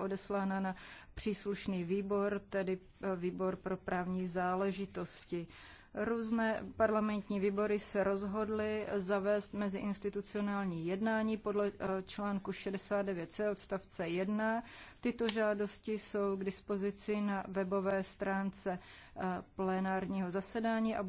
odeslána na příslušný výbor, tedy e, výbor pro právní záležitosti. Různé parlamentní výbory se rozhodly zavést meziinstitucionální jednání podle e, článku 69c odstavce 1. Tyto žádosti jsou k dispozici na webové stránce e, plenárního zasedání a